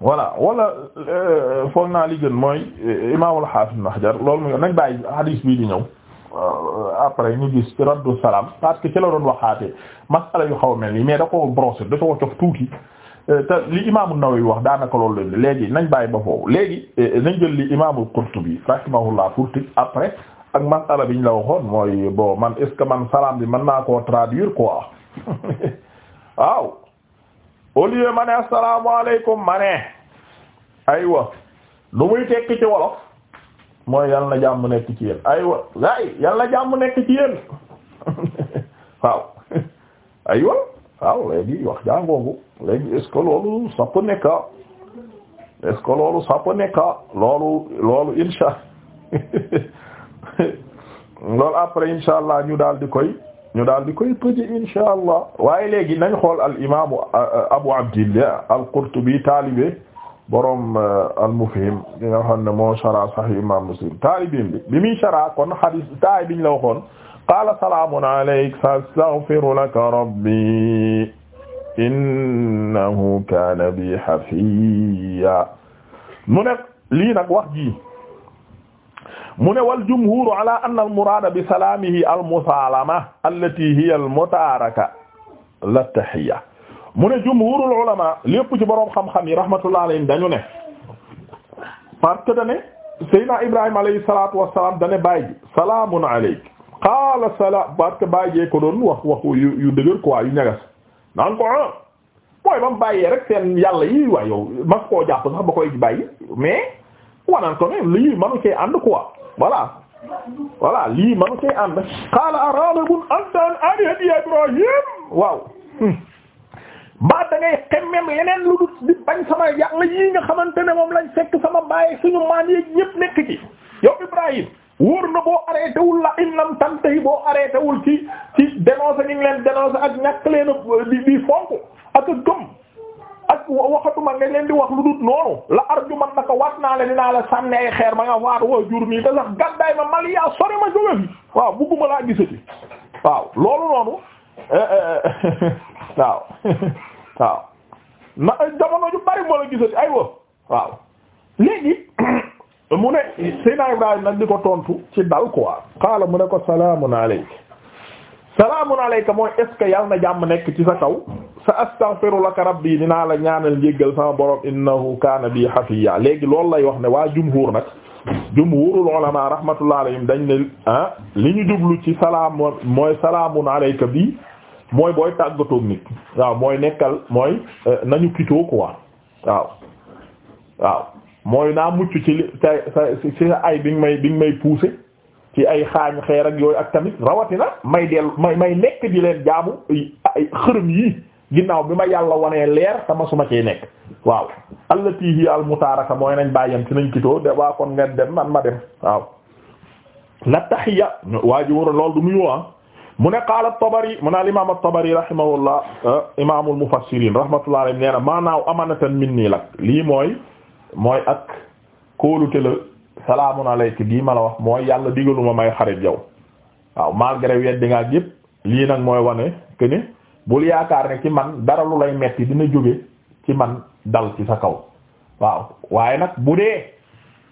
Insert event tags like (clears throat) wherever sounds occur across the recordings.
voilà wala euh, foog naa li gën mooy euh, imaamul xaafis na xajar loolu mooy nañ bàyyi hadis bii di ñëw euh, après ñu gis ci raddu salaam parce que ci la doon waxaatee masala yu xaw mel nii mais da ko brosser da ko tuuti te li imaamu Nawawi wax daanaka loolu leen léegi nañ bàyyi ba foofu léegi nañ jël li imaamul Qurtubi rahimahullah pour tëj après ak masala bi ñu la waxoon mooy bon man est que man salaam bi mën naa koo traduire quoi (laughs) waaw au lieu ma ne asalaamaaleykum ma ne aywa lu muy tekki ci wolof mooy yal na jàmm nekk ci yéen aywa ay yal na jàmm nekk ci yéen (laughs) waaw (laughs) aywa waaw léegi wax jàngoogu léegi est-ce loolu ça peut nekk est loolu ça peut loolu loolu insha (laughs) loolu après insha allah ñu daal di koy. ñu daal di koy tëjee insha allah waaye léegi nañ xool al imaamu Abu Abdillah al-Qurtubi taalibe borom uh, al-Mufhim di nga xam ne moo shara Sahih Imaam Muslim taalibin bi bi muy shara kon hadith taay biñ la waxoon qaala salaamun alayk astaghfiru laka rabbi innahu kaana bi hafiyya mu ne lii nag wax ji mu ne wal jumhuru ala anna al muraada bi salaamihi al musaalama allati hiya al mutaaraka la tahiyya mu ne jumhurul ulama lépp ci boroom xam-xam yi rahmatullah alayhim dañu ne parce que dane Seydina Ibrahima alayhi salaatu wa salaam dane baay ji salaamun aleyk salaam parce que baay jee ko yu ñagas naan ko ah mooy ba mu bàyyee rek seen yi waaye yow mas koo jàpp sax ba koy bàyyi mais wanaan ko ne lii manu cee ànd quoi. voilà voilà lii man koy ànd qaala aragibun anta an alihati ya ibrahim waaw mbaa hmm. da ngay xemmem yeneen lu dul di bañ sama yàlla yii nga xamante ne moom lañ fekk sama bàyyi suñu maan yeeg ñépp nekk ci yow ibrahim wóor na boo arrêté la in lam tantahi boo arrêté wul ci ci dénoncé ñu ngi leen dénoncé ak ñàkk leen di fonk ak gëm ak waxatuma nga leen di wax lu dut noonu la arjuman naka waat naa la dinaa la sànni xeer ma nga waat waa jur nii te sax gàddaay ma mali yaa sori ma jóge fi waaw bugguma laa gisati waaw loolu noonu eh, eh, eh, (laughs) waaw (laughs) waaw na jamono ju bari moo la gisati ay wa waaw léegi (clears throat) mu ne Seydina tontu ci dal quoi qaala mu ne ko salaamun alayka mooy est ce na jàmm nekk ci sa kaw sa astaghfiru laka rabbi naa la ñaanal jéggal sama borom innahu kaana bi xafiya léegi loolu lay wax ne waa jumhur nag jumhurul ulama rahmatullah alayhim dañ ne ah li ñu jublu ci salaam mooy salaamun alayka bi mooy booy tàggatoog nit waaw mooy nekkal mooy eh, nañu kitoo quoi waaw mooy naa mucc ci sa ay bi may bi ci ay xaañ xeer ak yooyu ak tamit rawatina may del may may nekk di leen jaamu xërëm yi ginnaaw bi ma yàlla wanee leer sama suma cee nekk waaw allati hi al mutaraka mooy nañ bàyyam ci nañ kitoo de waa kon ngeen dem man ma dem waaw la taxiya waa ji a lool du mu yowa ah. mu ne qaala at-Tabari mu ne al imam at-Tabari rahimahullah ah, imamul mufassirin rahmatullah alayhi nee na maanaaw amanatan minni lak lii mooy mooy ak kóolute la salaamun alayka gii ma la wax mooy yàlla digaluma may xarit yow waaw malgré wet di ngaa lii nag mooy wane que ne bul yaakaar ne ci man dara lu lay metti dina jóge ci man dal ci sa kaw waaw waaye nag bu dee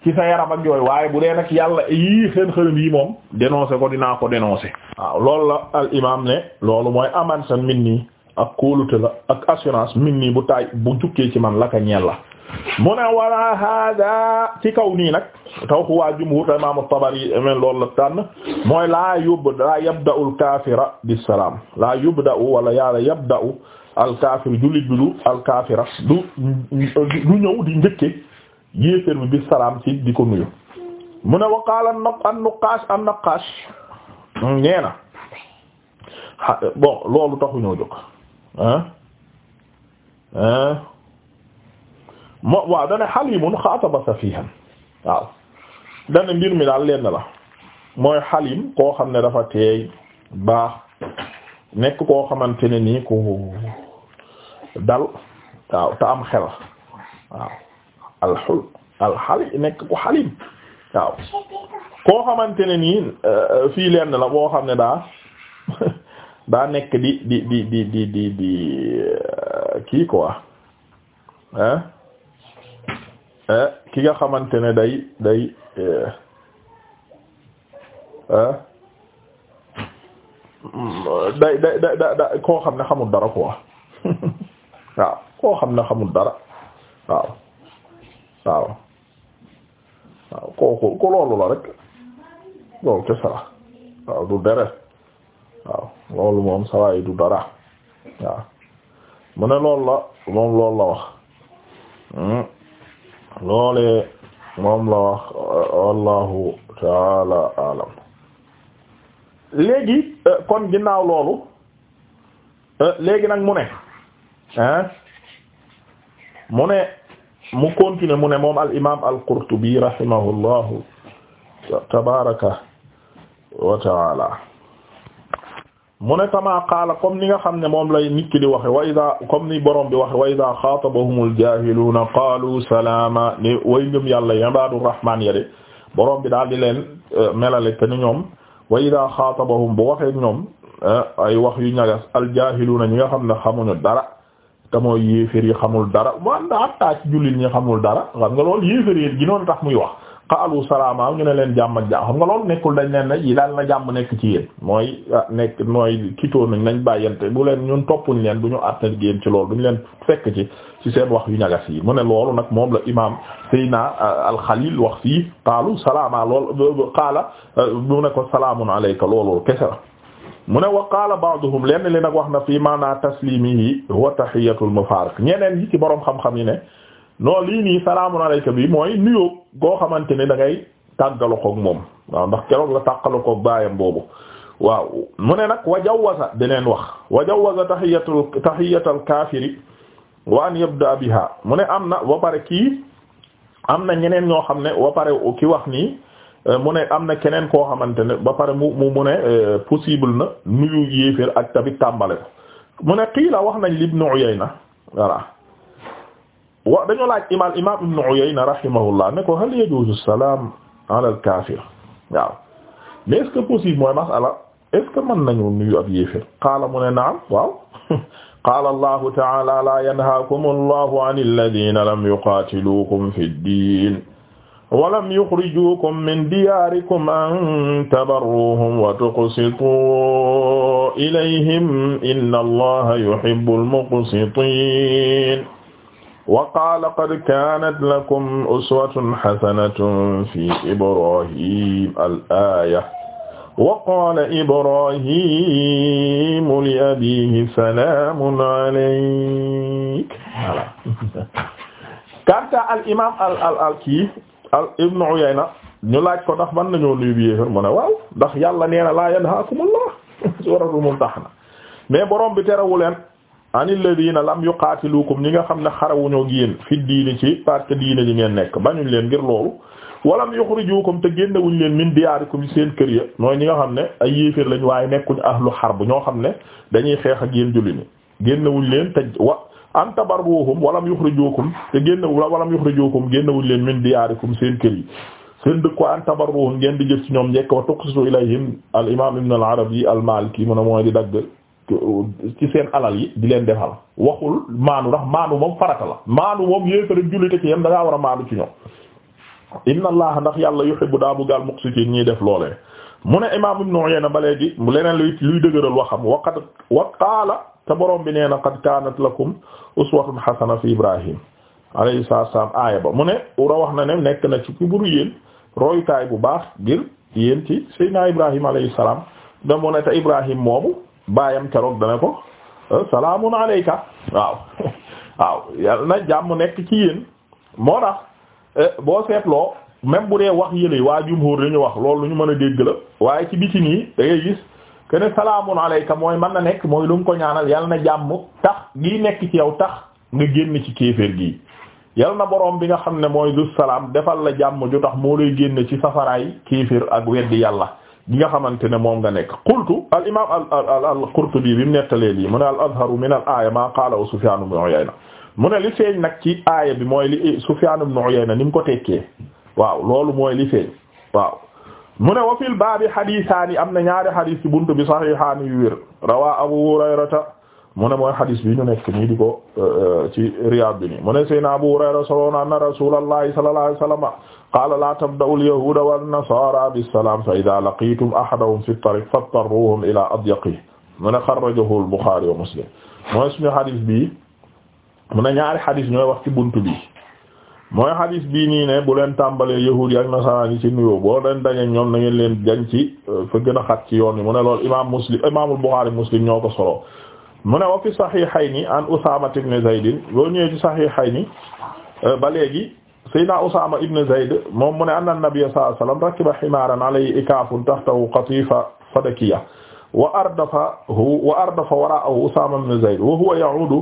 ci sa yaram ak yooyu waaye bu dee nag yàlla yii seen xërëm yi moom dénoncé ko dinaa ko dénoncé waaw loolu la al imam ne loolu mooy aman sa mit nii ak kóolute la ak assurance mit nii bu taay bu jukkee ci man la ka la mu ne wala ci kaw nii nag taw ku waa imam at-Tabari men loolu la tànn mooy laa yub laa yabda'u al-kaafira bis-salaam laa yubda'u wala yàlla yabda'u al du ñëw di njëkke yéeféer bi bis-salaam ci di ko nuyu mu ne wa qaala an-Nuqaash bon loolu taxu ñoo jóg ah ah moo waaw dane xalimun xaataba safihan waaw dane mbir mi daal lenn la mooy xalim koo xam ne dafa teey baax nekk koo xamante ne nii ku dal waaw te am xel waaw alxul alxali nekk ku xalim waaw koo xamante ne nii euh, fii lenn la boo xam ne daa (laughs) daa nekk di di di di di di di euh, Eh, ki nga xamante ne day eh, eh, mm, day day day day day koo xam ne xamul dara quoi (laughs) waaw koo xam ne xamul dara waaw waaw waaw kooku ko loolu la rek loolu kese la waaw du deret waaw loolu moom sawaay du dara waaw mu ne loolu la moom loolu la wax hmm. loole moom la wax wallahu taala alam léegi euh, kon ginnaaw loolu euh, léegi nag mu ne ah mu ne mu continuer mu ne moom al imam al qurtubi rahimahullahu tabaraka wa mu ne kama qaala comme ni nga xam ne moom lay nit ki di waxe wa ida comme ni borom bi waxe wa ida xaatabahumul jaahiluuna qaalu salaama ni way ngëm yàlla yabaadu rahmaan ya de borom bi daal di leen euh, melal te ni ñoom wa ida xaatabahum bu waxee ñoom euh, ay wax yu ñagas al jaahiluuna ñi nga xam ne xamuñu dara te mooy yi xamul dara wanda hatta ci jullit ñi xamul dara xam nga lool yéeféer yi ginoon tax muy wax xaalu salaama ñu ne leen jàmm ak jàmm xam nga loolu nekkul dañ leen ne yi daal na jàmm nekk ci yéen mooy ah, nekk mooy kitoo nañ nañ bàyyante bu leen ñun toppuñ leen du ñu àttal géen ci loolu duñu leen fekk ci ci seen wax yu ñagas yi mu ne loolu nag moom la imam Seyna al-Khalil ah, wax fii xaalu salaama lool xaala ah, mu ne ko salaamun alayka loolu kese la mu ne wax qaala ba'duhum lenn li nag wax na fii maanaa taslimihi wa tahiyatul mufaariq ñeneen yi ci boroom xam-xam yi ne non lii nii salaamun alayka bi mooy nuyoo goo xamante ne dangay ngay tàggalokoog moom waaw ndax keroog la tàqalokoog baayam boobu waaw mu ne nag wa jawwaza deneen wax wa jawwaza tahiyatul tahiyatul kaafiri wa an yabda mu ne am na wa pare kii am na ñeneen ñoo xam ne wa pare kii wax nii euh, mu ne am na keneen koo xamante ne ba pare mu mu mu ne euh, possible na nuyu yéeféer ak tamit tàmbale ko mu ne qiila wax nañ li Ibnu Uyayna voilà wa dañoo laaj imaam imaam Ibn Uyayna rahimahullah ne ko hal yajuuzu salaam ala al kaafir waaw mais est-ce que possible mooy masala est-ce que mën nañu nuyu ab yéefér qaala mu ne naam waaw (laughs) qaala allahu taala laa yanhaakum allahu an alladina lam yuqaatiluukum fi ddin wa lam yuxrijuukum min diyaarikum an tabarruuhum wa tuqsituu ilayhim inna allaha yuhibbul muqsitiin wa qaala qad kaanat lakum uswatun hasanatun fi ibrahim al aya wa qaala ibrahimu li abihi salaamun alayk voilà karta (laughs) al imam al al al kii al ibnu Uyayna ñu laaj ko ndax mën nañoo nuyu bi yéefar mu ne waaw ndax yàlla nee na laa yanhaakumullah (laughs) suuratul mumtahana mais borom bi terewuleen an alladina lam yuqaatilukum ñi nga xam ne xarawuñoo ñoo yéen fi diini ci parce que diine ji ngeen nekk bañuñ leen ngir loolu walam yuxrijukum te génnewuñ leen min diyaarikum yi seen kër ya mooy ñi nga xam ne ay yéeféer lañ waaye nekkuñ ahlu xarb ñoo xam ne dañuy xeex ak yéen julli ni génnewuñ leen te wa an tabarruhum walam yuxrijukum te génne walam yuxrijukum génnewuñ leen min diyaarikum seen kër yi seen dëkk ko an tabarruhum ngeen di jëf ci ñoom njekk wa tuqsitu ilayhim al imam ibn al arabi al maliki mu ne mooy di dagg ci seen alal yi di leen defal waxul maanu ndax maanu moom farata la maanu moom yéefara jullite ci yam da ngaa war a maanu ci ñoom inna allah ndax yàlla yuhibbu daa buggaal muqsitiin ñiy def loolee mu ne imaam Ibn Uyayna ba léegi mu leneen luy luy waxam wa qad wa qaala te borom bi nee na qad kaanat lakum uswatun hasana fi ibrahim alayhi salaam aaya ba mu ne ura wax na ne nekk na ci ku buru yéen royukaay bu baax ngir yéen ci seydina ibrahim alayhi salaam da mu ne te ibrahim moomu baayam keroog dana ko eh, salaamun alayka waaw (laughs) waaw yal na jàmm nekk ci yéen moo tax eh, boo seetloo même bu dee wax yële waa jumhur li ñu wax loolu lu ñu mën a dégg la waaye ci biti nii da ngay gis que ne salaamun alayka mooy mën na nekk mooy lu mu ko ñaanal yal na jàmm tax gi nekk ci yow tax nga génn ci kéeféer gi yal na boroom bi nga xam ne mooy du salaam defal la jàmm ju tax moo lay génn ci safaraay kéeféer ak weddi yàlla gi nga xamante ne moom nga nekk qultu al imam al al Qurtubi bi mu nettalee lii mu ne al azharu min al aaya maa qaala Sufyaan ibn Uyayna mu ne li feeñ nag ci aaya bi mooy li Sufyaan ibn Uyayna ni mu ko tekkee waaw loolu mooy li feeñ waaw mu ne wa fil baabi xadiisaani am na ñaari xadis ci buntu bi saxiixaani yu wér rawaa Abu Hurayrata mu ne mooy xadis bi ñu nekk nii di ko euh, ci Riyaad bi nii mu ne Seydina so Hurayra soloona anna Rasuulallahi sallallahu alayhi wa qaala laa tabda'u al-yahuuda wan-nasaara bis-salaam fa idhaa laqiitum ahadahum fi at-tariiq fadtarruuhum ilaa adyaqihi mu ne xarrajahu al-Buxaari wa Muslim mooy suñu xadis bii mu ne ñaari xadis ñooy wax ci buntu bi mooy xadis bii nii ne bu leen tàmbalee yahuud yi ak nasaraan yi ci nuyoo boo leen dañee ñoom na ngeen leen jañ ci euh, fa gën a xat ci yoon wi mu ne loolu imaam Muslim imaamul Buxaari Muslim ñoo ko solo mu ne wa fi saxiixayni an Usaama ibn Zayd boo ñëwee ci saxiixayni euh, ba léegi. Seydina Usaama ibn Zayd moom mu ne anna nabiyya sallallahu alayhi wa sallam rakiba himaaran alayhi ikaafun tahtahu qatiifa fadakiyya wa ardafahu wa ardafa waraa'ahu Usaama ibn Zayd wa huwa ya'uudu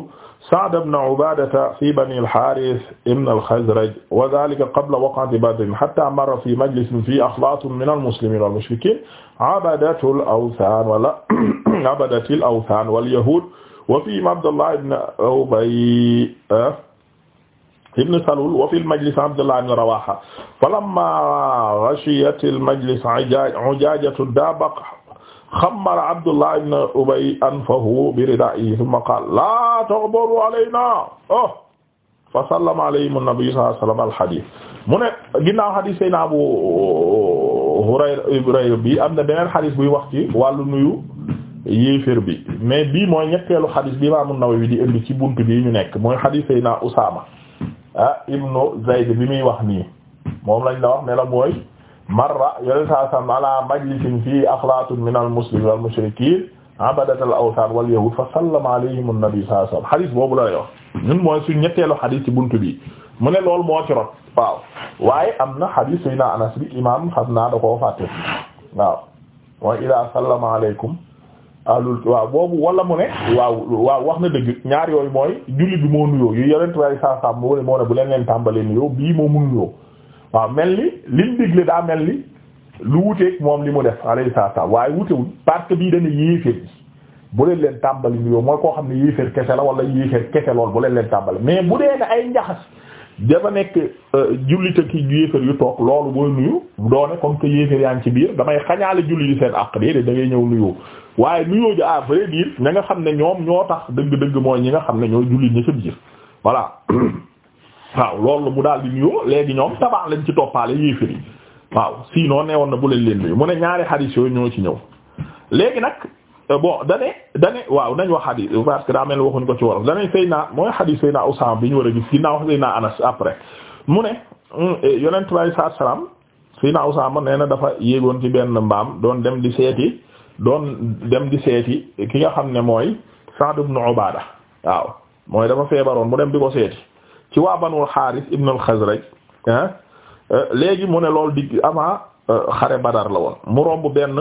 Sa'd ibn Ubaadata fi bani al-Haaris ibn al-Khazraj wa dhaalika qabla waq'ati Badrin hattaa marra fi majlisin fiihi axlaatun mina al-muslimiina wal-mushrikiina abadatul awthaan wala (coughs) abadatil awthaan wal yahuud wa fiihim Abdullah ibn Ubay eh? ibn Salul wa fil majlis Abdullah ibn Rawaha falamma ghashiyatil majlis ujaajatun daabaq xammara Abdullah ibn Ubay anfahu bi ridaa'ihi thumma qaala laa taghbaru alaynaa oh fa sallama alayhim an-nabi sallallahu alayhi wa sallam al-hadiis mu ne ginnaaw hadiis Seydina Abu Hurayra bi am na beneen hadiis buy wax ci wàllu nuyu yéeféer bi mais bii mooy ñetteelu hadiis bi Imaam an-Nawawi di indi ci buntu bii ñu nekk mooy hadiis Seydina Usaama ah ibnu bi muy wax nii moom lañ la wax ne la mooy marra yoneen saa sallam ala majlisin fii axlaatun min al muslimin wal mushrikin abadat al awthan wal yahud fa sallama alayhim an nabi sallallahu alayhi wasallam xadis boobu la yox ñun mooy suñ ñetteelu xadis ci buntu bi mu ne loolu moo ci rot waaw waaye am na xadis sayna Anas bi imam xam naa da koo fàtte waaw mooy ila sallama alaykum alul waaw boobu wala mu ne waaw waaw wax na dëgg ñaar yooyu mooy julli bi moo nuyoo yu yorent way sa sam moo ne moo ne bu leen leen tàmbalee nuyoo bii moom mu nuyoo waaw mel ni lim digle daa mel ni lu wuteeg moom li mu def saa salaam waaye wutewul parce bii dana yéeféer bi bu leen leen tàmbali nuyoo mooy koo xam ne yéeféer kese la wala yéeféer kese lool bu leen leen tàmbali mais bu dee ne ay njaxas dafa nekk euh, jullita ki yéefar yu toog loolu booy nuyu doone comme que yéefar yaa ci biir damay xañaale julli di seen àq déedéet da ngay ñëw nuyoo waaye nuyoo ji à vrai dire ña nga xam ne ñoom ñoo tax dëgg-dëgg mooy ñi nga xam ne ñooy julli ña ca biir voilà (coughs) waaw loolu mu daal di nuyoo léegi ñoom tabax lañ ci toppaale yéefar yi waaw sinon neewoon na bu leen leen nuyu mu ne ñaari xadiis yooyu ñoo ci ñëw léegi nag Euh, bo dane dane waaw nañ wax xadis parce que daa mel waxuñ ko ci wolof dane Seyna mooy xadis Seyna Usaama bi ñu war a gis ginnaaw wax Seyna Anas après mu ne mm, eh, yonent bi alayhi salaatu salaam Seyna Usaama nee na dafa yéegoon ci benn mbaam doon dem di seeti doon dem di seeti ki nga xam ne mooy Sa'd ibn Ubaada waaw mooy dafa feebaroon mu dem di ko seeti ci waa Banul Haaris ibn al-Xasraj euh, léegi mu ne loolu di avant xare badar la woon mu romb benn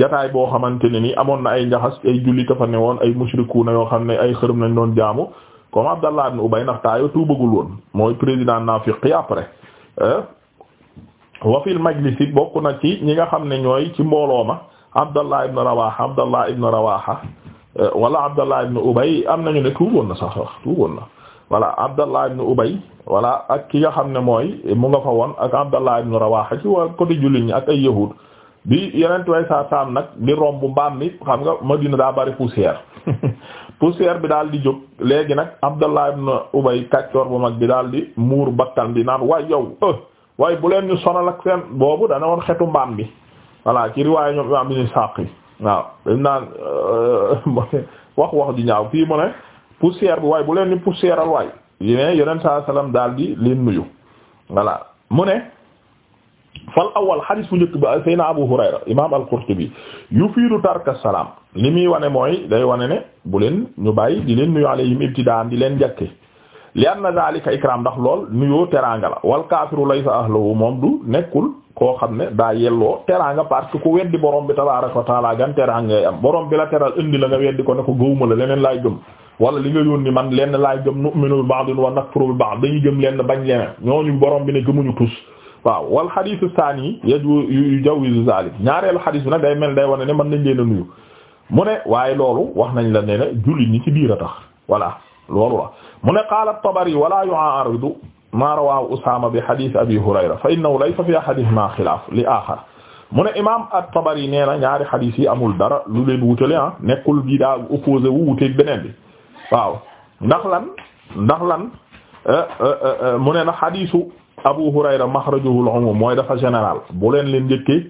jataay boo xamante ne ni amoon na ay njaxas ay jullit a fa ne woon ay mushrikuuna yoo xam ne ay xërëm lañ doon jaamu comme Abdallah ibn Ubay ndax taayo tuubagul woon mooy président nafiqi après wa fil majlis bokk na ci ñi nga xam ne ñooy ci mbooloo ma Abdallah ibn Rawaha Abdallah ibn Rawaha wala Abdallah ibn Ubay am nañu ne tuuboon na sax wax tuuboon na voilà Abdallah ibn Ubay voilà ak ki nga xam ne mooy mu nga fa woon ak Abdallah ibn Rawaha ci waa côté jullit ñi ak ay yahud bi yeneen way saa nag di romb mbaam mi xam nga Madina daa bari poussière (laughs) poussière bi daal di jóg léegi nag Abdallah ibn Ubay kàccoor bu mag bi daal di muur bakkan bi naan waay yow eh, waaye bu leen ñu sonal ak seen boobu dana woon xetu mbaam bi voilà ci riwaayu ñoom imaam ibn yi waaw dañ naan euh, (laughs) wax wax ju ñaaw fii mu ne poussière bi waaye bu leen ni poussière waay yéen yeneen saa salaam daal di leen nuyu voilà mu ne fal awal xadis bu njëkk ba sayna Abu Hurayra imaam al-Qurtubi yufiidu tarka salaam li muy wane mooy day wane ne bu leen ñu bàyyi di leen nuyu alayhim ibtidaan di leen njëkke li na zalika ikram ndax lool nuyoo teraanga la wal kaafiru laysa ahluhu moom du nekkul koo xam ne daa yelloo teraanga parce que ku weddi borom bi tabaaraka wa taala gan bi la teral indi la nga weddi ko ne ko gëwuma la leneen laay gëm wala li nga yónni man lenn laay gëm nu'minu bi ba'din wa nakfuru bi ba'd dañuy gëm lenn bañ leneen ñooñu borom bi ne gëmuñu tus waaw wal xadiisu saani yaju yu jawizu zalik ñaareelu xadiis bi nag day mel day wane ne mën nañ leen a nuyu mu ne waaye loolu wax nañ la ne ne jullit ñi ci biir a tax voilà loolu la mu ne qaala Tabari wala yu'aridu ma rawahu Usaama bi xadiis Abi Hurayra fa innahu laysa fi xadiis ma xilaaf li aaxar mu ne imaam at-Tabari nee na ñaari xadiis yi amul dara lu leen wutale ah nekkul bii daa opposé wu wuteeg beneen bi waaw ndax lan ndax lan euh, euh, euh, mu ne na xadiisu Abu Hurayra maxrajuhu al-umum mooy dafa général bu leen leen njëkkee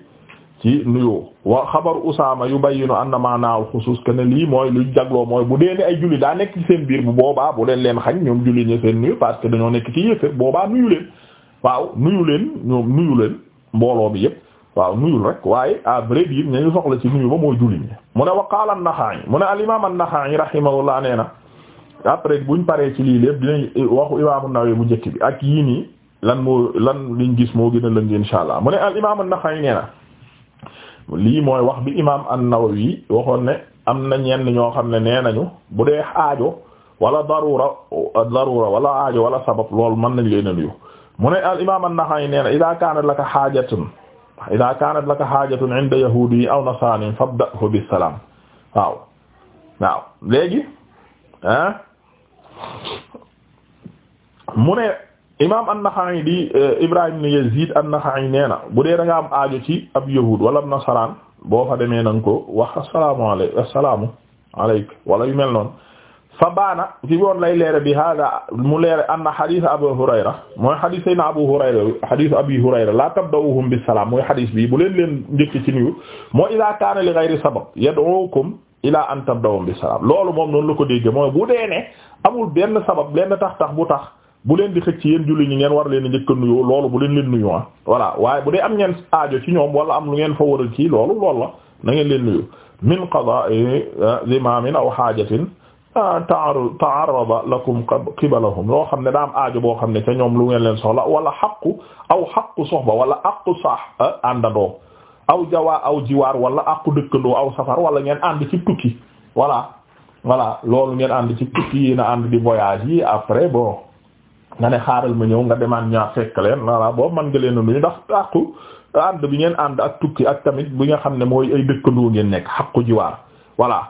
ci nuyoo wa xabaru Usaama yubayyinu anna maanaahu xusuus que ne lii mooy lu jagloo mooy bu dee ne ay julli daa nekk seen biir bu boobaa bu leen leen xañ ñoom julli ñi seen nuyu parce que dañoo nekk ci yéefér boobaa nuyu leen waaw nuyu leen ñoom nuyu leen mbooloo bi yépp waaw nuyul rek waaye à vrai dire ñañu soxla ci nuyu ba mooy julli ñi mu ne wa qaala an-Naxa'i mu ne na après buñ paree ci lii lépp dinañ eh, waxu imaamu Nawawi bu njëkk bi ak yii nii lan moo lan liñ gis moo gën a lëng insha allah mu ne al imaam an-Nawawi nee lii mooy wax bi imaam an-Nawawi waxoon ne am na ñenn ñoo xam ne nee nañu bu dee aajo wala darura darura wala aajo wala sabab lool mën nañ leen a mu ne al imaam an-Nawawi nee na idaa kaanat laka haajatun idaa kaanat laka haajatun inda yahuudi aw nasaanin fabda'hu bis-salaam waaw waaw léegi mu ne imaam an-Naxa'i di Ibrahim ibn Yazid an-Naxa'i na bu dee da aajo ci ab yahuud wala nasaraan boo fa demee na ko wax assalaamu aleyk assalaamu aleyk mel noonu fa baana ci woon lay leere bi hada mu leere anna hadith Abu Hurayra mooy hadith sayna Abu Hurayra hadith tabda'uhum bis salaam mooy hadith bi bu leen leen njëkk ci nuyu moo idaa kaana li ghayri sabab ilaa an tabdawum bi salaam loolu moom noonu la ko dégge mooy bu dee ne amul benn sabab lenn tax tax bu tax bu leen di xëcc ci yéen julli ñi ngeen war leen njëkk a nuyoo loolu bu leen leen nuyu ah voilà waaye bu dee am ngeen aajo ci ñoom wala am lu ngeen fa waral ci loolu loolu la na ngeen leen nuyu min qada'i ah, zimamin aw haajatin ah, ta'arrada lakum qibalahum loo xam ne daa am aajo boo xam ne ca ñoom lu ngeen leen soxla wala xaqu aw xaqu soxba wala aqu sah ah, àndandoo aw jawaa aw jiwaar wala àqu dëkkandoo aw safar wala ngeen ànd ci tukki voilà voilà loolu ngeen ànd ci tukki yi na ànd di voyage yi après bon nga ne xaaral ma ñëw nga demaan ñaar fekk leen voilà boobu mën nga leen a nuyu ndax àqu ànd bi ngeen ànd ak tukki ak tamit bi nga xam ne mooy ay dëkkandoo ngeen nekk àqu jiwaar voilà.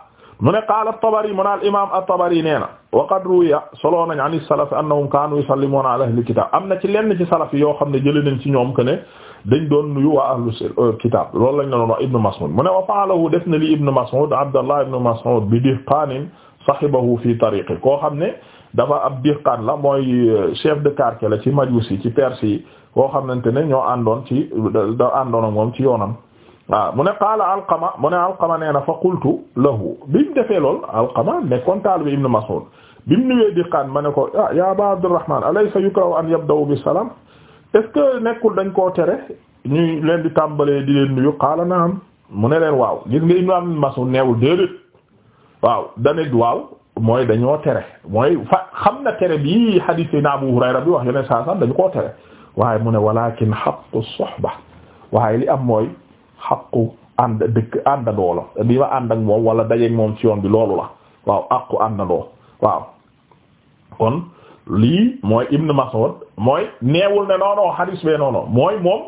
mu ne qaala at-Tabari mu ne al imaam at-Tabari nee na wa qad ruwiya soloo nañ an is-salaf annahum kaanu yusallimuuna ala na ci lenn ci salaf yoo xam ne jëlee nañ ci ñoom que dañ doon nuyu waa ahlu euh, kitab loolu lañ la doon wax Ibn Mas'ud mu ne wa fa'alahu def na li Ibn Mas'ud Abdallah Ibn Mas'ud bi dihqaanin sahibahu fi tariqi koo xam ne dafa ab dihqaan la mooy euh, chef de quartier la ci majusi ci perse yi koo xamante ne ñoo àndoon ci da àndoon a moom ci yoonam waaw mu ne qaala alqama mu ne alqama nee na fa qultu lahu biñ defee lool alqama nekkoon taal bi Ibn Mas'ud bi mu nuwee dihqaan ma ne ko ah ya Aba Abdurrahman alaysa yukrahu an yabda'u bi salaam est que nekkul dañ koo tere ñuy leen di tàmbalee di leen nuyu xaala na am mu ne leen waaw gis nga imam Mas'ud neewul déedéet waaw danit waaw mooy dañoo tere mooy fa xam na tere bi hadith sayna Abu Hurayra bi wax yeneen saa sax dañu koo tere waaye mu ne walaa walakin haqqu suhba waaye li am mooy haqqu ànd dëkk bi ma ànd ak moom wala dajeeg moom ci yoon bi loolu la waaw haqqu àndandoo waaw kon lii mooy Ibn Mas'ud mooy neewul ne non non hadis bee non mooy moom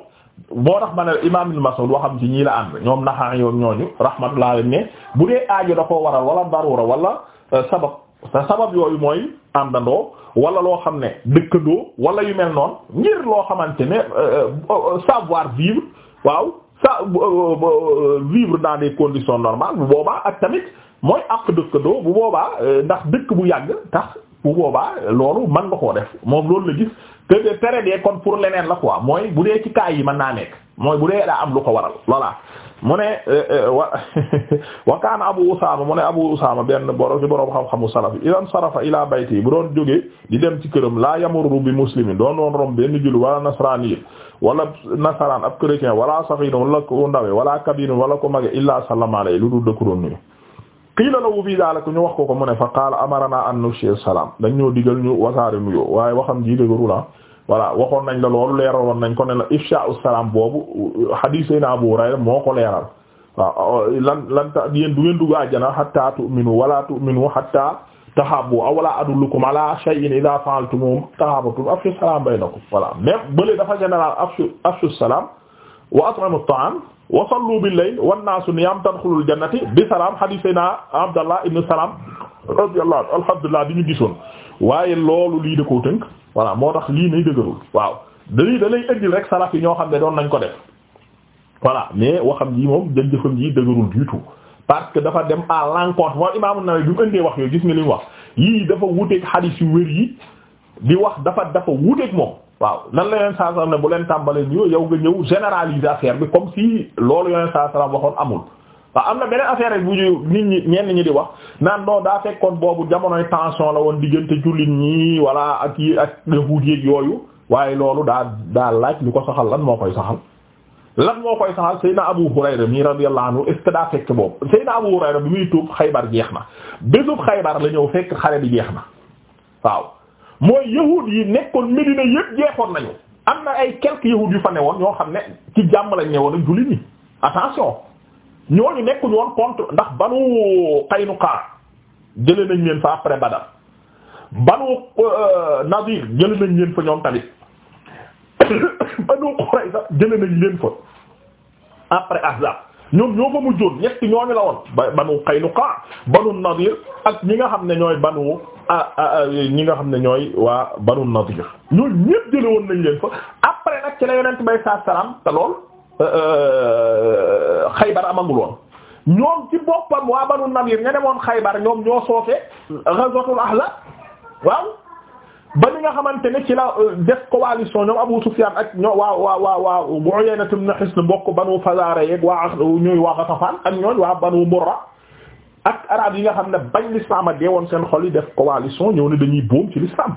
boo tax ma ne imaam Ibn Mas'ud waxam ci ñii la ànd ñoom naxaa yoon ñooñu rahmatullah ne bu dee aajo da koo waral wala darura wala euh, sabab te sabab yooyu mooy àndandoo wala loo xam ne dëkkandoo wala yu mel noonu ngir loo xamante ne euh, euh, savoir vivre waaw sa vivre dans des conditions normales bu boobaa ak tamit mooy àq dëkkandoo bu boobaa ndax dëkk bu yàgg tax bu boobaa loolu man la ko def moom loolu la gis te de tere de kon pour leneen la quoi mooy bu dee ci cas yi mën naa nekk mooy bu dee daa am lu ko waral voilà mu ne euh, euh, wa (laughs) wa kaana abu usaama mu ne abu usaama benn boro ci boroom xam-xamu salaf idan sarafa ila bayti bu doon jógee di dem ci këram laa yamurru bi muslimin doon doon rom benn jul wala nasraan yi wala nasaraan ab chrétien wala saxiin wala ko ndawe wala kabir wala ko mage illa sallama alayhi lu dul dëkk doon nuyu qiila lahu fii daalika ñu wax ko ko mu ne fa qaala amarana an nufshi salaam dañ ñoo digal ñu wasaare nuyoo waaye waxam ji dëgëru la ah. voilà waxoon nañ la loolu leeraloon nañ ko ne la ifsha'u salaam boobu hadiis Seydina Abu Hurayra moo ko leeral waaw lan lan ta yéen du ngeen dugg àjjana hatta tu'minu wala tu'minu hatta tahabbu aw la adullukum ala shay'in idha fa'altumuhu tahabbatum afshu salaam baynakum voilà même bële dafa général afshu afshu salaam wa at'imu at-ta'am wa sallu bil layl wan naasu niyaam tadxulul jannati bi salaam naa sayna Abdallah ibn Salam radiyallahu alhamdulillah di ñu gisoon waaye loolu lii da koo tënk voilà moo tax lii nay dëgërul waaw dalii da lay ëndil rek salaf yi ñoo xam ne doon nañ ko def voilà mais waxam ji moom jël jëfam ji dëgërul du tout parce que dafa dem à l'encontre moo Imam bi mu ëndee wax yooyu gis nga li mu wax yii dafa wuteeg hadith yu wér yi di wax dafa dafa wuteeg moom waaw lan la yeneen saa salaam ne bu leen tàmbalee nuyoo yow nga ñëw généraliser affaire bi comme si loolu yeneen saa salaam waxoon amul. waaw am na beneen affaire bu ñu nit ñi ñenn ñi di wax naan doo daa fekkoon boobu jamonoy tension la woon diggante jullit ñi walla ak yi ak yahuud yeeg yooyu waaye loolu daa daa laaj lu ko saxal lan moo koy saxal. lan moo koy saxal na Abu Hurayra mi radiyallahu anhu est-ce que daa fekk boobu Seydina Abu Hurayra bi muy tuub Xaybar jeex na bésub la ñëw fekk xare bi jeex na mooy yahud yi nekkoon Medina yëpp jeexoon nañu am na ay quelques yahud yu fa newoon ñoo xam ne ci jàmm lañ newoon ak jullit ñi attention ñooñu nekkuñu woon contre ndax banu Qaynuqa jëlee nañ leen fa après Badar banu euh, Nadir jëlee nañ leen fa ñoom tamit (coughs) banu Qurayza jëlee nañ leen fa après Ahzab ñoom ñoo fa mujjoon ñett ñoo la woon ba banu Qaynuqa banu Nadir ak ñi nga xam ne ñooy banu ñi nga xam ne ñooy waa banu Nadir ñooñ ñépp jële woon nañ leen fa après nag ci la yonent bay saa salaam te lool euh, euh, Xaybar amagul woon ñoom ci boppam waa banu Nadir ña demoon Xaybar ñoom ñoo soofe ghazwatul ahla waaw ba ni nga xamante ne ci la euh, def coalition ñoom Abu Sufyan ak ñoo waa waa waa waa wa ibn Hisn bokk Banu Fazara yeeg waa ñooy waa Ghatafan ak ñooñ waa Banu Murra ak arab yi nga xam ne bañ l'islam a deewoon seen xol yi def coalition ñëw ne dañuy boom ci l'islam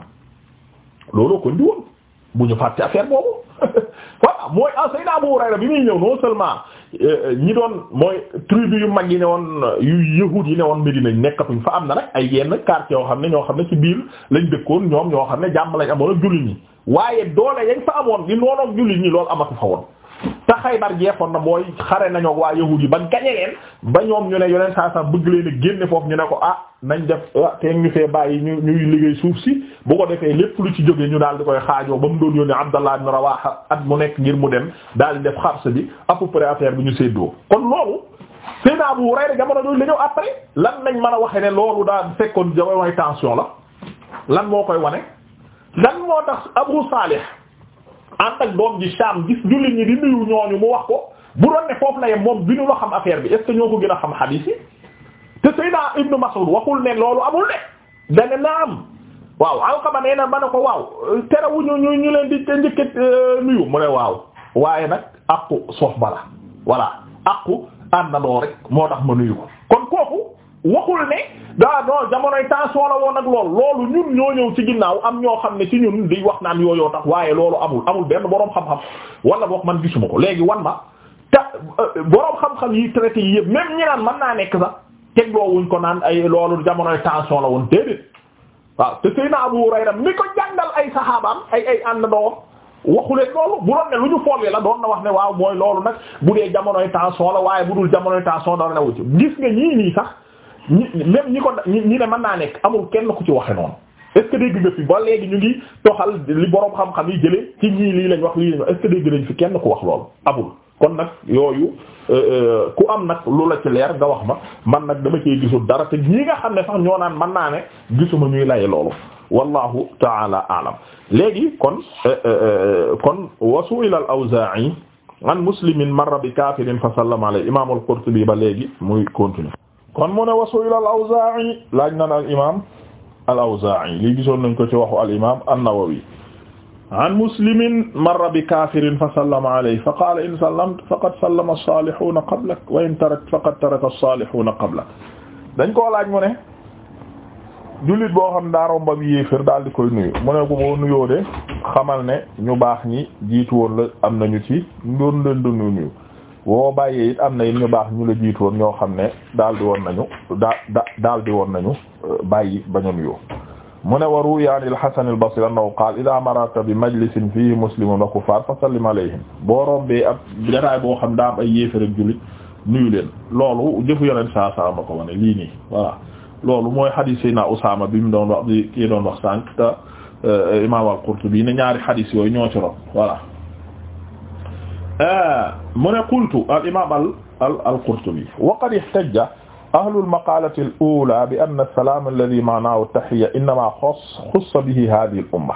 looloo ko ndiwoon bu ñu fàtte affaire boobu wa (laughs) mooy ah, Sayyid Abu Hurayra bi muy ñëw non seulement ñi doon mooy tribu yu mag yi ne woon yu yahuud yi ne woon Medina nekkatuñ fa am na nag ay yenn quartier yoo xam ne ñoo xam ne ci biir lañ dëkkoon ñoom ñoo xam ne jàmm lañ amoon ak jullit ñi waaye doole yañ fa amoon li noonoog jullit ñi loolu amatu fa woon te Xaybar jeexoon na mooy xare nañoo waa yahuud yi ba gañe leen ba ñoom ñu ne yeneen saa saa bëgg leen génne foofu ñu ne ko ah nañ def ah tey fee bàyyi ñu ñuy liggéey suuf si bu ko defee lépp lu ci jógee ñu daal di koy xaajoo ba mu doon yónnee Abdallah ibn Rawaha at mu nekk ngir mu dem daal di def xarse bi à peu affaire bi ñu séddoo kon loolu. Seydina Abu Hurayra jamono jooju la ñëw après lan lañ mën a waxee ne loolu daal fekkoon jamono tension la lan moo koy wane lan moo tax Abu Salih ànd ak doom ji Sham gis jullit ñi di nuyu ñu mu wax ko bu doon ne foofu la yem moom bi ñu la xam affaire bi est ce que ñoo ko gën a xam xadiis yi te Seydina Ibnu Mas'ud waxul ne loolu amul ne dane na am waaw Alqama ne na ba ne ko waaw terewuñu ñu ñu leen di te njëkk euh, nuyu mu ne waaw waaye nag akku àqu soxba la voilà àqu àndandoo rek moo tax ma nuyu ko kon kooku waxul ne daa non jamonoy tension la woon ak lool loolu ñun ñoo ñëw ci ginnaaw am ñoo xam ne ci ñun di wax naan yooyoo tax waaye loolu amul amul benn boroom xam-xam wala boog man gisuma ko léegi wan ma te euh, boroom xam-xam yi traité yi yëpp même ñi naan mën naa nekk sax tegloowuñ ko naan ay loolu jamonoy tension la woon déedéet waaw te Seydina Abu Hurayra mi ko jàngal ay saxaabaam ay ay ànd doom waxuleen loolu bu doon ne lu ñu folle la doon na wax ne waaw mooy loolu nag bu dee jamonoy tension la waaye bu jamonoy tension dara newu ci gis ñi ñi ko ñi ne man naa nekk amul kenn ku ci waxe noonu est ce nga fi ba léegi ñu ngi toxal li boroom xam-xam yi jëlee ci ñii lii lañ wax lii lañ wax est nañ fi kenn ku wax loolu amul kon nag yooyu euh, euh, ku am nag lu la ci leer nga wax ma man nag dama ci gisul dara te ñi nga xam ne sax ñoo naan man naa ne gisuma ñuy laye loolu wallahu taala alam léegi kon euh, kon wasu ila al awza'i an muslimin marra bi kafirin fa sallama alayhi imam al-Qurtubi ba léegi muy continuer kon mu ne wasu ila al laaj nan al imaam al-Awzaa'i gisoon nañ ko ci waxu al imaam an-Nawawi an bi kaafirin fa sallama alayhi fa qaala in sallamta faqad sallama as-saalihuuna qablak wa in tarakta dañ koo laaj mu ne jullit boo xam daa romb ab yéefér daal di koy nuyu mu ko boo nuyoo de ne ñu baax ñi jiitu woon la am nañu ci doon leen du nuyu woo bàyyee it am na it ñu baax ñu la jiitu ñoo xam ne daal di woon nañu daa da daal di woon nañu euh, bàyyi bañ a nuyoo mu ne waru ruwiya an al-Hasan al-Basri annahu qaala idaa mararta bi majlisin fiihi muslimun wa kuffaar fa sallim alayhim boo rombee ab jotaay boo xam daa ay yéefar ak jullit nuyu leen loolu jëfu yonent saa saa ma ko wane lii nii voilà loolu mooy hadiis yi naa Usaama bi mu doon wax bi kii doon wax sànq te euh, imaam al-Qurtubi ne ñaari hadiis yooyu ñoo ci rob voilà. Ah, mu ne qultu al imam al al al-Qurtubi wa qad ihtajja ahlu al-maqaalati al-uulaa bi anna as-salaam alladhii ma'naahu at-tahiyya innamaa xussa bihi haadhihi al-umma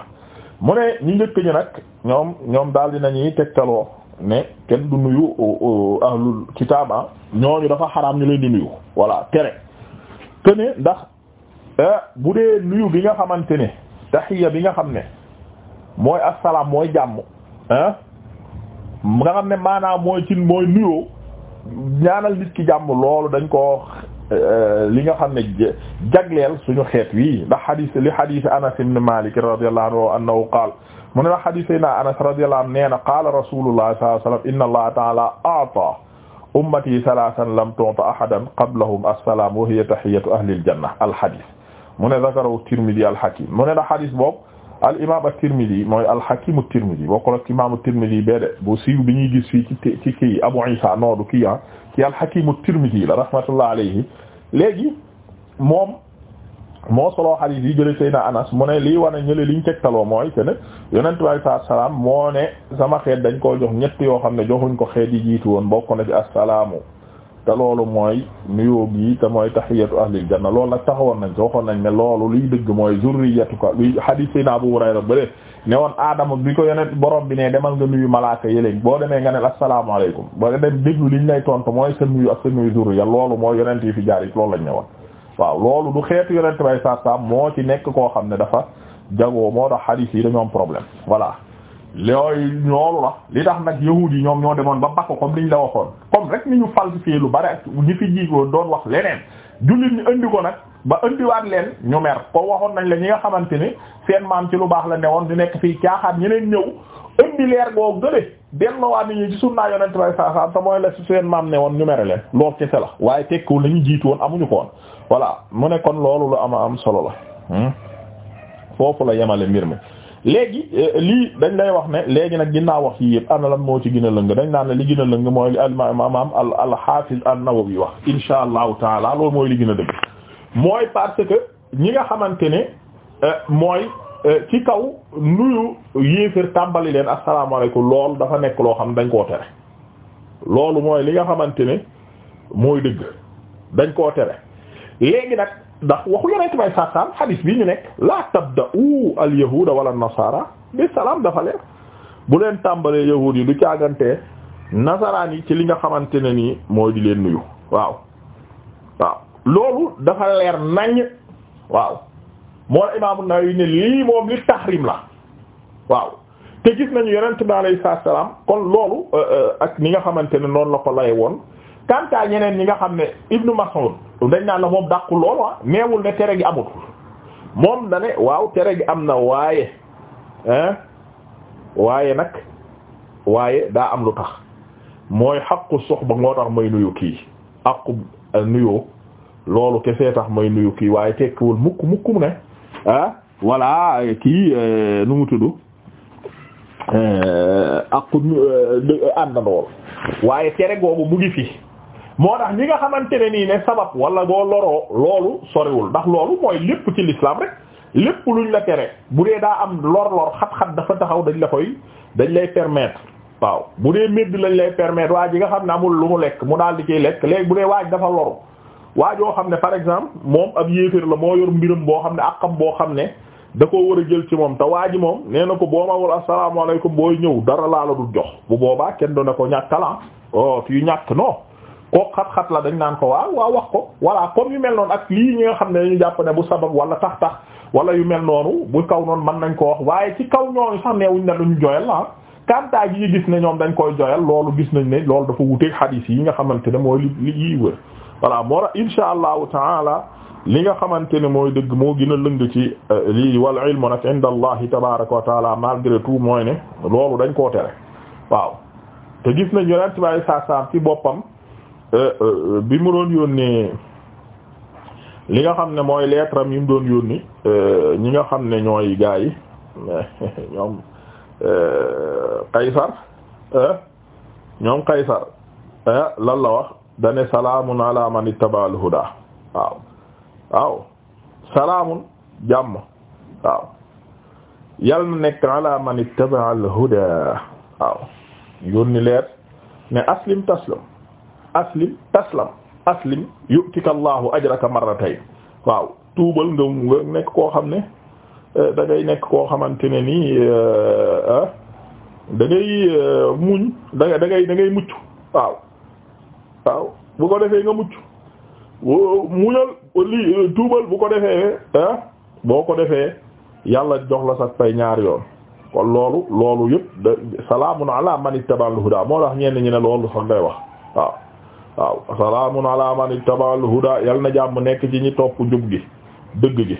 mu ne ñu njëkk ñu nag ñoom ñoom daal dinañuy tegtaloo ne kenn du nuyu ahlul kitaab ah, ñooñu dafa xaraam ñu leen di nuyu voilà tere te ne ndax eh, bu dee nuyu bi nga xamante ne taxiya bi nga xam ne mooy asalaam mooy jàmm ah nga xam ne maanaam mooy cin mooy nuyoo ñaanal nit ki jàmm loolu dañ ko euh, li nga xam ne jagleel suñu xeet wi ndax xadiis li xadiis Anas ibn Malik radiyallahu anhu annahu qaal mu ne la xadiis na Anas radiyallahu anhu nee na qaala rasulullah sallallahu alayhi wasallam inna allaha ta'ala a'ta ummati thalathan lam tu'ta ahadan qablahum as-salam wa hiya tahiyyatu ahli al-janna al-hadith mu ne zakarahu Tirmidhi al-Hakim mu ne la xadiis boobu al imaam at-Tirmidhi mooy al-Hakim at-Tirmidhi bokkul ak imaam at-Tirmidhi bee de bu siiw bi ñuy gis fii ci ci kii Abu Isa noodu ki ah ci al-Hakim at-Tirmidhi la rahmatullah alayhi léegi moom moo soloo hadith yi jëlee Seydina Anas mu ne lii wane li ñu tegtaloo mooy que ne Yonent bi sallallahu alayhi moo ne sama xeet dañ koo jox ñetti yoo xam ne joxuñ ko xeet yi jiitu woon bokk na ci assalaamu te loolu mooy nuyoo gi te mooy tahiyatu ahlil janna loolu nag taxawoon nañ ko nañ ne loolu liy dëgg mooy zurriyatuka luy hadith sayna Abu Hurayra bële ne won aadama bi ko yeneen borom bi ne demal nga nuyu malaaka yëléen boo demee nga ne asalaamaaleykum ba dem déglu liñ lay tontu mooy sa nuyu ak sa nuyu zurriya loolu mooy yonent yi fi jaar it loolu lañ ne woon waaw loolu du xeetu yonent bay sa sa moo ci nekk koo xam ne dafa jagoo moo tax hadith yi dañoo am problème looy ñoolu la li tax nag yahuud yi ñoom ñoo demoon ba bakk comme liñ la waxoon comme rek ni ñu falsifié lu bari ak ñi fi jigoon doon wax leneen jullit ñu indi ko nag ba indiwaat leen ñu mer ko waxoon nañ la ñi nga xamante ni seen maam ci lu baax la newoon di nekk fii caaxaat ñeneen ñëw indi leer goo gële a nit ñi ci sunnaa yonent bay saasaam sa mooy la ci seen kese la waaye tekku la ñu jiitu woon amuñu ko woon mu ne kon loolu lu ama am solo la hmm? foofu la yemale mbir mi léegi euh, lii dañ lay wax ne léegi nag ginnaaw wax yi yëpp ana moo ci gën a lëng dañ naan ne li gën a lëng mooy li al imaam al al hafiz an-Nawawi wax insha allahu taala loolu mooy li gën a dëgg mooy parce que ñi nga xamante ne euh, mooy euh, ci kaw nuyu yéefér tàmbali leen asalaamaaleykum lool dafa nekk loo xam dañ koo tere loolu mooy li nga xamante ne mooy dëgg dañ koo tere léegi nag ndax waxu yonent bay saasam hadis bi ñu nekk la tabda'u al yahuda wala nasara bi salaam dafa leer bu leen tàmbalee yahuud yi du caagantee nasaraan yi ci li nga xamante ne nii mooy di leen nuyu waaw waaw loolu dafa leer nañ waaw moo la imaamu Nawawi ne lii moom li tahrim la waaw te gis nañu yonent bi alayhi salaam kon loolu euh, euh, ak ni nga xamante ne noonu la ko lay woon kantaa ñeneen ñi nga xam ne Ibnu Mas'ud dañ naan la moom dàqul lool waa ah, neewul ne tere gi amut moom da waaw tere gi am na waaye hein waaye nag waaye daa am lu tax mooy xaqu suxba ngoo tax may nuyu kii aku euh, nuyoo loolu kese tax may nuyu kii waaye tekkiwul mukk mu ne ah voilà kii euh, nu mu tudd euh, aqu àndandool waaye tere googu mu ngi fi moo tax ñi nga xamante ne nii ne sabab wala boo loroo loolu soriwul ndax loolu mooy lépp ci l'islam rek lépp luñ la tere bu dee daa am lor-lor xat-xat dafa taxaw dañ la koy dañ lay permettre waaw bu dee médd lañ lay permettre waa ji nga xam ne amul lu mu lekk mu daal di lekk léegi bu dee waaj dafa loru waajoo xam ne par exemple moom ab yéeféer la moo yor mbiram boo xam ne akam boo xam ne da koo war a jël ci moom te waa ji moom nee na ko boo ma wul booy ñëw dara laa jox bu boobaa kenn doon na ko ñàkk talent oh ñàkk non. kooku xat-xat la dañ naan ko waaw waaw wax ko voilà comme yu mel noonu ak lii ñi nga xam ne ñu jàpp ne bu sabab wala tax tax wala yu mel noonu bu kaw noonu mën nañ koo wax waaye ci kaw ñooñu sax neewuñ ne duñu joyal ah kantaa gi gis ne ñoom dañ koy joyal loolu gis nañ ne loolu dafa wuteeg xadiis yi nga xamante ne mooy li yi wër voilà moo tax insha allahu taala li nga xamante ne mooy dëgg moo gën a lëng ci euh, lii wal ilmu nag inda allahi tabaraka wa taala malgré tout mooy ne loolu dañ koo tere waaw gis nañ yonent bi saa saam ci boppam Euh, euh, euh, bi mu doon yónnee li nga xam ne mooy lettre am yi mu doon yónni ñi nga xam ne ñooy gaa yi (laughs) ñoom Qaysar ñoom Qaysar lal la wax dane salaamun ala man huda waaw waaw salaamun jàmm waaw yal na nekk ala man huda waaw yónni leer ne aslim taslam aslim taslam aslim yu'tika allahu ajraka marratayn waaw tuubal nga nga nekk koo xam ne eh, dangay nekk koo xamante ne ni eh, ah, da ngay eh, muñ da dangay da mucc waaw waaw bu ko defee nga mucc muñal tuubal bu ko defee boo ko defee yàlla jox la sax fay ñaari yoon kon loolu loolu yëpp da salaamun ala man ittaba'al huda moo tax ñenn ñi ne loolu sax ngay wax waaw waaw salaamun ala man ittaba'al huda yal na jàmm nekk ci ñi topp jub gi dëgg gi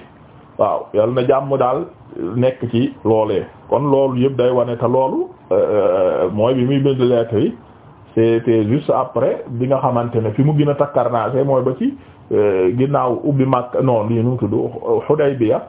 waaw yal na jàmm daal nekk ci loolee kon loolu yëpp day wane te loolu euh, euh, mooy bi muy bind lettre yi c'était juste après bi nga xamante ne fi mu gën a takkarnaase mooy ba ci euh, ginnaaw ubbi Makka noonu lii nu mu tudd Hudaybiya